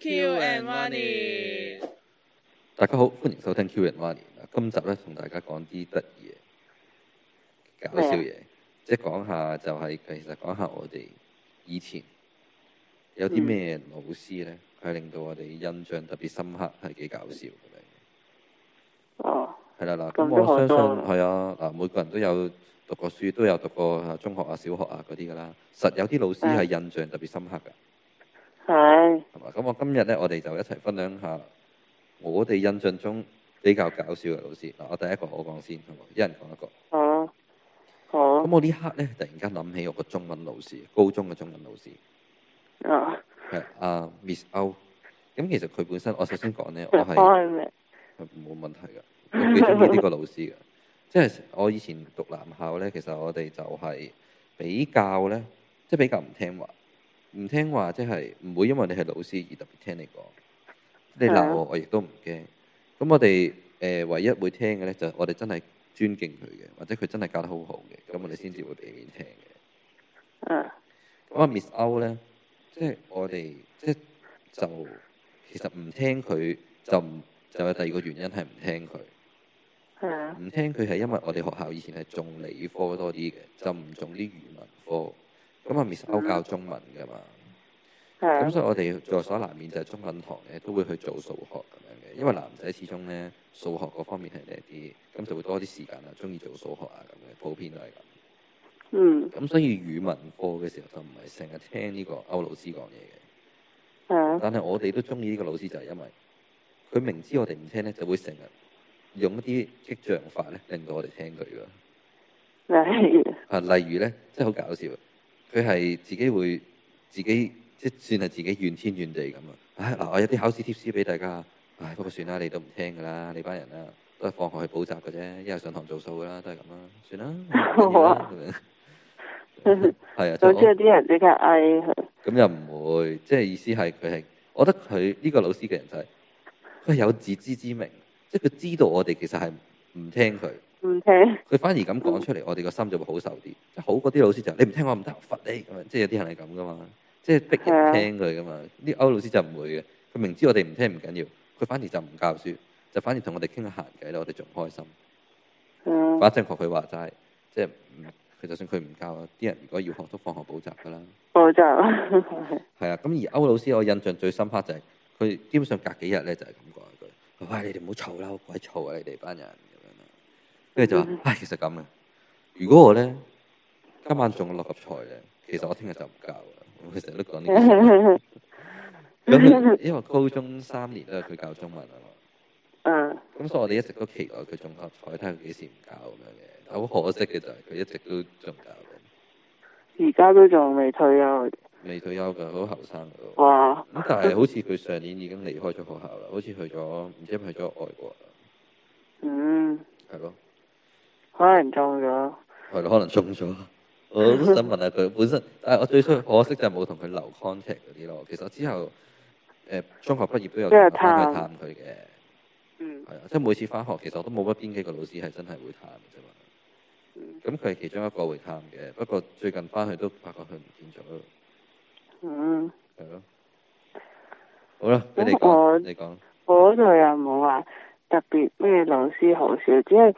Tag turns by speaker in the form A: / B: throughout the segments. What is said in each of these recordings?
A: Q and
B: Money，大家好，歡迎收聽 Q and Money。啊，今集咧同大家講啲得意嘅搞笑嘢，的即係講下就係、是、其實講下我哋以前有啲咩老師咧，佢、嗯、令到我哋印象特別深刻，係幾搞笑嘅。哦、啊，係啦啦，咁我相信係啊嗱，每個人都有讀過書，都有讀過中學啊、小學啊嗰啲噶啦，實有啲老師係印象特別深刻噶。係，係嘛？咁我今日咧，我哋就一齊分享下我哋印象中比較搞笑嘅老師。嗱，我第一個我講先，係嘛？一人講一個。哦、啊，好、啊。咁我呢刻咧，突然間諗起我個中文老師，高中嘅中文老師。啊。係啊，Miss Ou。咁其實佢本身，我首先講咧，我係冇嗎問題嘅，我幾中意呢個老師嘅。 即係我以前讀男校咧，其實我哋就係比較咧，即係比較唔聽話。唔聽話，即係唔會因為你係老師而特別聽你講，你鬧我我亦都唔驚。咁我哋誒唯一會聽嘅咧，就係我哋真係尊敬佢嘅，或者佢真係教得好好嘅，咁我哋先至會俾面聽嘅。嗯、啊。咁阿 Miss O 咧，即係我哋即係就其實唔聽佢就就有第二個原因係唔聽佢。
A: 係
B: 啊。唔聽佢係因為我哋學校以前係重理科多啲嘅，就唔重啲語文科。咁啊，Miss 歐教中文㗎嘛，咁、
A: mm hmm. 所以
B: 我哋在所難免就係中文堂咧都會去做數學咁樣嘅，因為男仔始終咧數學嗰方面係叻啲，咁就會多啲時間啊，中意做數學啊咁樣，普遍都係咁。嗯、mm。咁、hmm. 所以語文課嘅時候就唔係成日聽呢個歐老師講嘢嘅，但係我哋都中意呢個老師就係因為佢明知我哋唔聽咧，就會成日用一啲激將法咧令到我哋聽佢
A: 嘅。
B: 例如呢。啊，例如咧，真係好搞笑。佢係自己會自己，即係算係自己怨天怨地咁啊！唉嗱，我有啲考試貼士俾大家。唉，不過算啦，你都唔聽㗎啦，你班人啊，都係放學去補習嘅啫，一係上堂做數㗎啦，都係咁啦，算啦。了好啊。係啊， 總
A: 之有啲人比較嗌。
B: 咁又唔會，即係意思係佢係，我覺得佢呢、呢個老師嘅人就係、係、佢有自知之明，即係佢知道我哋其實係唔聽佢。唔聽，佢反而咁講出嚟，嗯、我哋個心就會好受啲。即係好嗰啲老師就，你唔聽我唔得，罰你咁啊！即係有啲人係咁噶嘛，即係逼人聽佢噶嘛。啲、嗯、歐老師就唔會嘅，佢明知我哋唔聽唔緊要，佢反而就唔教書，就反而同我哋傾下閒偈咯，我哋仲開心。嗯。反正學佢話齋，即係佢就算佢唔教，啲人如果要學都放學補習噶啦。
A: 補習保證。
B: 係 啊，咁而歐老師我印象最深刻就係，佢基本上隔幾日咧就係咁講一句，喂，你哋唔好嘈啦，鬼嘈啊！你哋班人。跟住就話，唉、哎，其實咁嘅。如果我咧今晚仲落六合彩嘅，其實我聽日就唔教啦。我成日都講呢啲嘢。咁因為高中三年都係佢教中文啊嘛。嗯。咁所以我哋一直都期待佢中六合彩，睇下佢幾時唔教咁樣嘅。好可惜嘅就係佢一直都仲教嘅。而家都仲未
A: 退休。
B: 未退休嘅，好後生。哇！但係好似佢上年已經離開咗學校啦，好似去咗唔知係唔係去咗外國啦。嗯。
A: 係咯。可
B: 能中咗，係咯？可能中咗。我都想問下佢本身，誒，我最衰可惜就冇同佢留 contact 嗰啲咯。其實之後，誒、呃，中學畢業都有翻去探佢嘅。嗯。係啊，即係每次翻學，其實我都冇乜邊幾個老師係真係會探嘅啫嘛。嗯。咁佢係其中一個會探嘅，不過最近翻去都發覺佢唔見咗。嗯。係咯。好啦，嗯、你哋
A: 你講。
B: 我嗰度又冇話特別咩老師好
A: 笑，只係。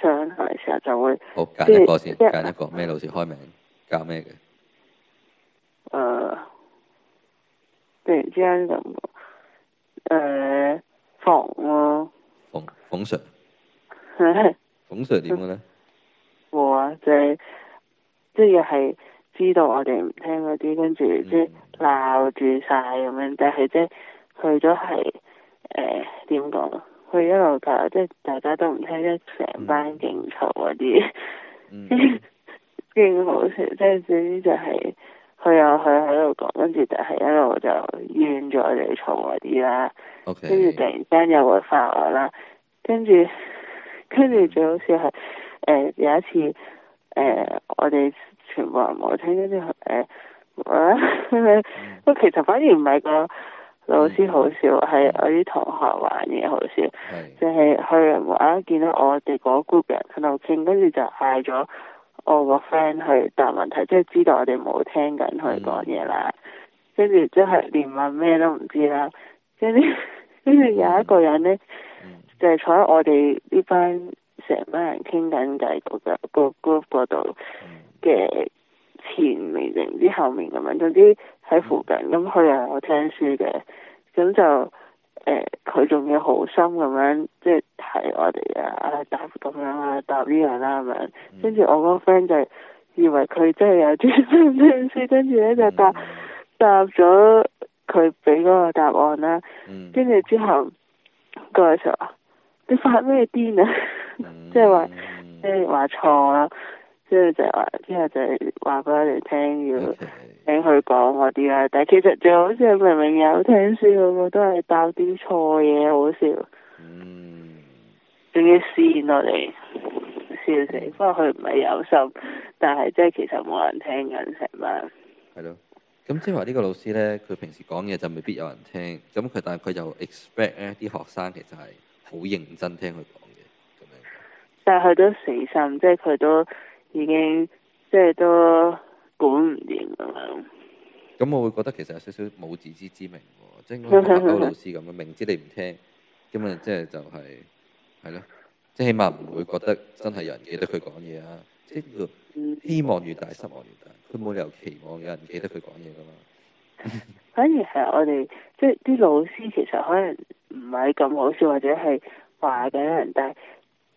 A: 上台時候就會，
B: 好揀一個先，揀、嗯、一個咩老師開名教咩嘅？誒、
A: 呃，突然之間諗到，誒、呃，馮咯。
B: 馮、馮 Sir。馮 Sir 點嘅咧？
A: 啊，就係即係又係知道我哋唔聽嗰啲，跟住即係鬧住晒咁樣，但係即係佢都係誒點講？呃佢一路教，即係大家都唔聽，即成班勁嘈嗰啲，勁、嗯、 好笑。即係總之就係佢又佢喺度講，跟住就係一路就怨咗我哋嘈嗰啲啦。跟住 Okay. 突然間又會發我啦，跟住跟住最好似笑係誒有一次誒、呃、我哋全部人冇聽，跟住誒啊！呃、我 其實反而唔係個。老師好笑，係我啲同學玩嘢好笑，就係佢啊，見到我哋個 group 人喺度傾，跟住就嗌咗我個 friend 去，但係問題即係、就是、知道我哋冇聽緊佢講嘢啦，跟住即係連問咩都唔知啦，跟住跟住有一個人咧，就係、是、坐喺我哋呢班成班人傾緊偈嗰個個 group 嗰度嘅前面定唔知後面咁樣，總之喺附近，咁佢的、嗯、又有聽書嘅。咁就誒，佢、呃、仲要好心咁樣，即係提我哋啊，誒答咁樣啊，答呢樣啦咁樣。跟住、嗯、我個 friend 就以為佢真係有啲咩意思，跟住咧就答答咗佢俾嗰個答案啦、啊。跟住、嗯、之後，個時候，你發咩癲啊？即係話即係話錯啦。即係就話，之後就話俾我哋聽要。Okay. 聽佢講嗰啲啦，但係其實最好笑，明明有聽書嗰個都係爆啲錯嘢，好笑，嗯，仲要試驗我哋笑死，嗯、不過佢唔係有心，但係即係其實冇人聽緊係咪？
B: 係咯，咁即係話呢個老師咧，佢平時講嘢就未必有人聽，咁佢但係佢就 expect 咧啲學生其實係好認真聽佢講嘅，咁樣。
A: 但係佢都死心，即係佢都已經即係都。管
B: 唔掂啦。咁我會覺得其實有少少冇自知之明喎，即係好似老師咁樣，明知你唔聽，咁啊即係就係係咯，即係起碼唔會覺得真係有人記得佢講嘢啊。即係、嗯、希望越大，失望越大。佢冇理由期望有人記得佢講嘢噶嘛。反而
A: 係我哋即係啲老師，其實可能唔係咁好笑，或者係話嘅人多。但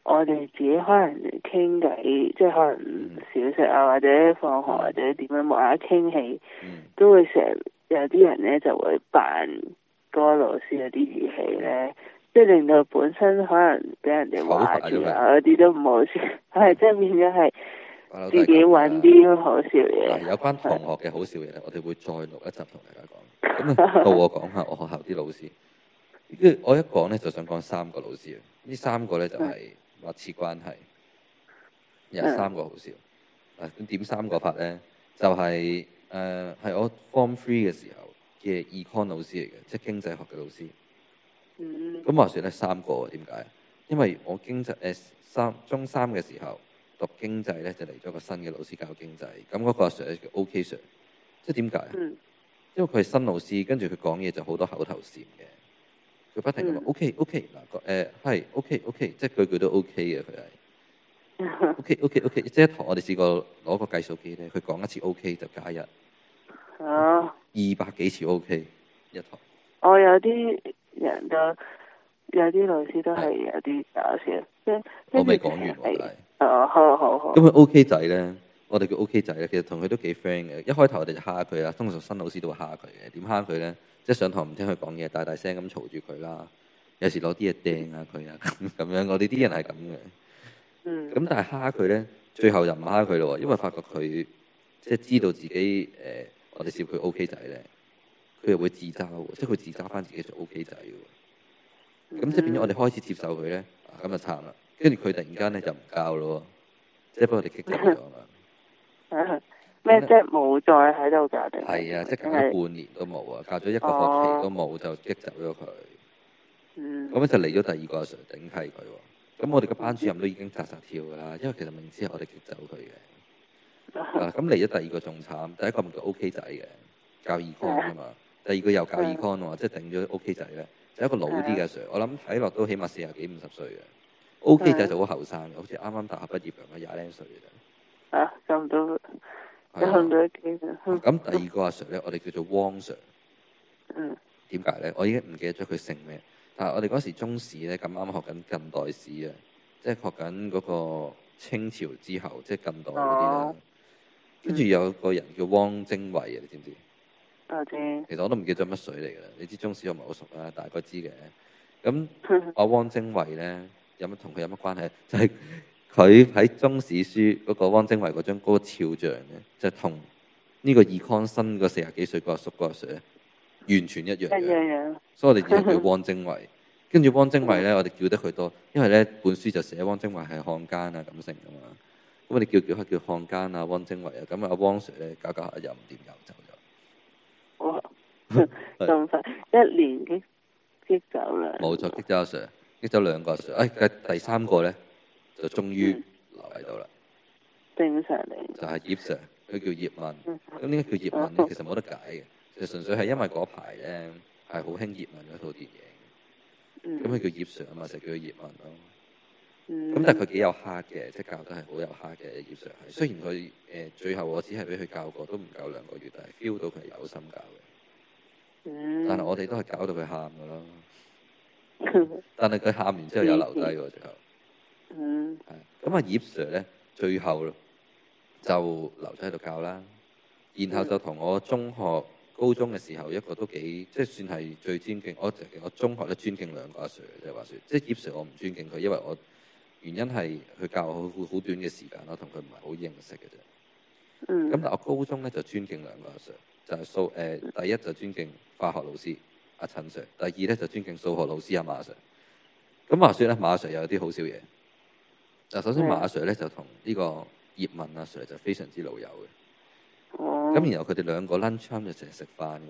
A: 我哋自己可能傾偈，即係可能小息啊，或者放學或者點樣話傾起，嗯、都會成日有啲人咧就會扮嗰個老師有啲語氣咧，嗯、即係令到本身可能俾人哋話住啊嗰啲都唔好笑，係 即係變咗係自己揾啲好笑嘢，啊啊。
B: 有關同學嘅好笑嘢，是我哋會再錄一集同大家講。到 我講下我學校啲老師，即係 我一講咧就想講三個老師，呢三個咧就係，是啊。密切關係有三個好笑，咁、嗯、點三個法咧？就係、是、誒，係、呃、我 form three 嘅時候嘅 Econ 老師嚟嘅，即經濟學嘅老師。嗯。咁話說咧三個點解？因為我經濟 S、欸、三中三嘅時候讀經濟咧，就嚟咗個新嘅老師教經濟。咁、那、嗰個阿 Sir 咧叫 OK Sir，即點解？嗯、因為佢係新老師，跟住佢講嘢就好多口頭禪嘅。佢不停咁話：OK，OK，嗱個誒係 OK，OK，即係佢句句都 OK 嘅佢係。OK，OK，OK，即係一堂我哋試過攞個計數機咧，佢講一次 OK 就加一。啊、哦！二百幾次 OK 一堂。我
A: 有啲人都有
B: 啲老師
A: 都係是有啲搞笑，跟、就是、我未講完嚟。哦，好好
B: 好。咁佢 OK 仔咧，我哋叫 OK 仔咧，其實同佢都幾 friend 嘅。一開頭我哋就蝦佢啦，通常新老師都會蝦佢嘅。點蝦佢咧？即係上堂唔聽佢講嘢，大大聲咁嘈住佢啦，有時攞啲嘢掟下佢啊咁樣。我哋啲人係咁嘅，咁但係蝦佢咧，最後就唔蝦佢咯，因為發覺佢即係知道自己誒、呃，我哋笑佢 O K 仔咧，佢又會自嘲，即係佢自嘲翻自己做 O、OK、K 仔。咁即係變咗我哋開始接受佢咧，咁就慘啦。跟住佢突然間咧就唔教咯，即係幫我哋激走咗啊嘛！
A: 咩啫冇再喺度搞掂？係啊，即係隔
B: 咗半年都冇啊，隔咗一個學期都冇，就激走咗佢。嗯。咁就嚟咗第二個 Sir 頂替佢。咁我哋嘅班主任都已經扎實跳噶啦，因為其實明知係我哋激走佢嘅。啊。咁嚟咗第二個仲慘，第一個咪叫 O K 仔嘅教 Econ 啊嘛，第二個又教 Econ 喎，即係頂咗 O K 仔咧，就一個老啲嘅 Sir，、啊、我諗睇落都起碼四十幾五十歲嘅。O、OK、K 仔就、啊、好後生，好似啱啱大學畢業咁啊，廿零歲嘅。啊，
A: 咁都。咁第
B: 二個阿 Sir 咧，我哋叫做汪 Sir。嗯。點解咧？我已經唔記得咗佢姓咩。但係我哋嗰時中史咧咁啱學緊近代史啊，即係學緊嗰個清朝之後，即係近代嗰啲啦。跟住 有個人叫汪精衛啊，你知唔知？我知。 其實我都唔記得咗乜水嚟嘅噶。你知中史我唔係好熟啦，大概知嘅。咁阿汪精衛咧有乜同佢有乜關係？就係、是。佢喺《中史書》嗰個汪精衛嗰張嗰個肖像咧，就同呢個易康新個四十幾歲嗰阿叔嗰阿 Sir 完全一樣嘅。
A: 一樣一樣，
B: 所以我哋叫佢汪精衛，跟住 汪精衛咧，我哋叫得佢多，因為咧本書就寫汪精衛係漢奸啊咁成噶嘛。咁我哋叫叫佢叫漢奸啊汪精衛啊。咁啊阿汪 Sir 咧搞搞下又唔掂，又走咗。哇咁快
A: 一年嘅激走啦。
B: 冇錯，激走阿 Sir，激走兩個阿 Sir。哎，哎，第三個咧？就終於留喺度啦。
A: 正常嚟。
B: 就係葉 Sir，佢叫葉問。咁點解叫葉問？哦，其實冇得解嘅，就純粹係因為嗰排咧係好興葉問嗰套電影。咁佢、嗯、叫葉 Sir 啊嘛，就叫葉問咯。
A: 咁但係
B: 佢幾有 heart 嘅，即係教得係好有 heart 嘅葉 Sir。雖然佢誒、呃、最後我只係俾佢教過，都唔夠兩個月，但係 feel 到佢有心教嘅。嗯、
A: 但係我
B: 哋都係搞到佢喊嘅咯。嗯、 但係佢喊完之後又留低喎，最後。嗯，係咁啊！葉 Sir 咧，最後就留咗喺度教啦。然後就同我中學、高中嘅時候一個都幾即係算係最尊敬。我我中學都尊敬兩個阿 Sir，即係話說，即係葉 Sir，我唔尊敬佢，因為我原因係佢教我好好短嘅時間咯，同佢唔係好認識嘅啫。嗯，咁但我高中咧就尊敬兩個阿 Sir，就係數誒，第一就尊敬化學老師阿陳 Sir，第二咧就尊敬數學老師阿馬 Sir。咁話說咧，馬 Sir 有啲好少嘢。嗱，首先的馬 Sir 咧就同呢個葉問阿、啊、Sir 就非常之老友嘅，咁、嗯、然後佢哋兩個 lunch time 就成日食飯喎，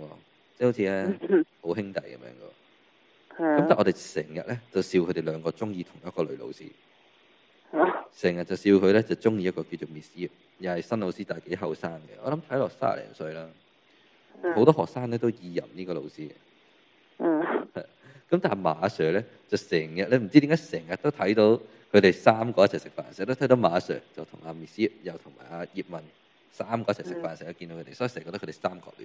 B: 即係好似咧好兄弟咁樣個。
A: 咁、嗯、但係
B: 我哋成日咧就笑佢哋兩個中意同一個女老師，成日、嗯、就笑佢咧就中意一個叫做 Miss 葉，又係新老師，但係幾後生嘅。我諗睇落三十零歲啦，好、嗯、多學生咧都意淫呢個老師。咁、嗯、 但係馬 Sir 咧就成日咧唔知點解成日都睇到。佢哋三個一齊食飯，成日都睇到馬 sir，就同阿 Miss 又同埋阿葉問三個一齊食飯，成日見到佢哋，的所以成日覺得佢哋三角戀、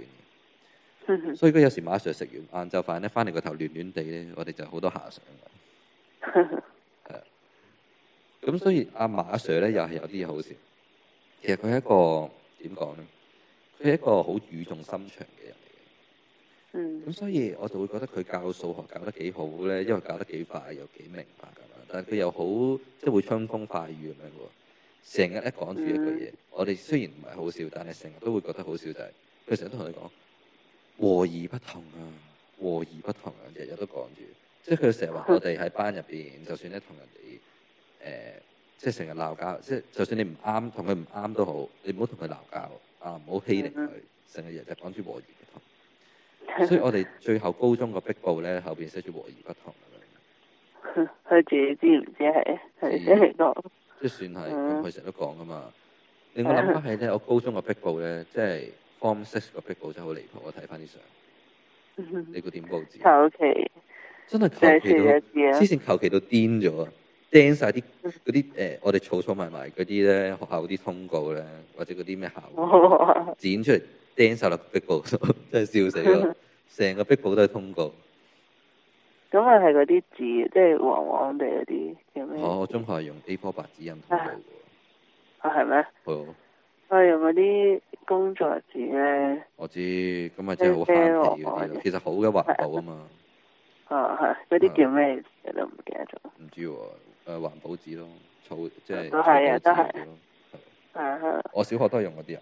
B: 嗯、哼所以佢有時馬 sir 食完晏晝飯咧，翻嚟個頭亂亂地咧，我哋就好多遐想咁、嗯、哼所以阿、啊、馬 sir 咧 又係有啲好笑。其實佢係一個點講咧？佢係一個好語重心長嘅人嚟嘅。嗯。咁所以我就會覺得佢教數學教得幾好咧，因為教得幾快又幾明白但佢又好即係會春風化雨咁樣喎，成日一講住一句嘢，mm hmm. 我哋雖然唔係好笑，但係成日都會覺得好笑。就係佢成日都同你講和而不同啊，和而不同啊，日日都講住。即係佢成日話我哋喺班入邊、mm hmm. 呃，就算咧同人哋誒，即係成日鬧交，即係就算你唔啱，同佢唔啱都好，你唔好同佢鬧交啊，唔好欺凌佢。成日日就講住和而不同， 所以我哋最後高中個壁報咧後邊寫住和而不同。佢自己知唔知係？係即係講，即係算係，佢成日都講噶嘛。令我諗翻起咧，嗯、我高中個壁報咧，即係 form six 個壁報真係好離譜。我睇翻啲相，你估點佈置？
A: 求其，嗯，真係求其都，之前
B: 求其都癲咗啊！釘晒啲嗰啲誒，我哋草草埋埋嗰啲咧，學校嗰啲通告咧，或者嗰啲咩校，哦、剪出嚟，釘晒落壁報，真係笑死咗，成、嗯、個壁報都係通告。
A: 咁啊係嗰啲紙，即係黃黃哋嗰啲叫咩、哦？
B: 我中學係用 A4 白紙印圖嘅，
A: 啊係咩？係、哦哦、用嗰啲工作紙
B: 咧。我知，咁啊真係好慳嗰啲。黃黃其實好嘅環保啊嘛。哎
A: 哦哎、啊係，嗰啲叫咩？我都唔記得咗。
B: 唔知喎、啊，誒、呃、環保紙咯，草即係。都係啊，都係。啊啊！啊我小學都係用嗰啲啊。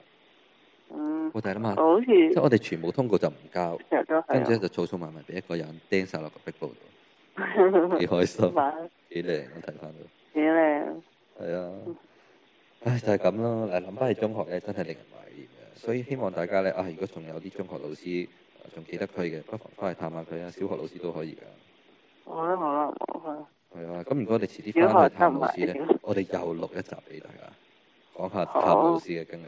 A: 我睇啦嘛，即係我
B: 哋全部通過就唔交，
A: 啊、跟住就
B: 儲儲埋埋俾一個人釘晒落個壁報度，
A: 幾開心。
B: 幾靚我睇翻到，幾靚，係啊，唉、啊啊哎、就係咁咯。嗱諗翻起中學嘅真係令人懷念啊！所以希望大家咧啊，如果仲有啲中學老師仲、啊、記得佢嘅，不妨翻去探下佢啊。小學老師都可以噶。好啦
A: 好啦，
B: 好啊。係啊，咁如果我哋遲啲翻去探老師咧，我哋又錄一集俾大家講下探好老師嘅經歷。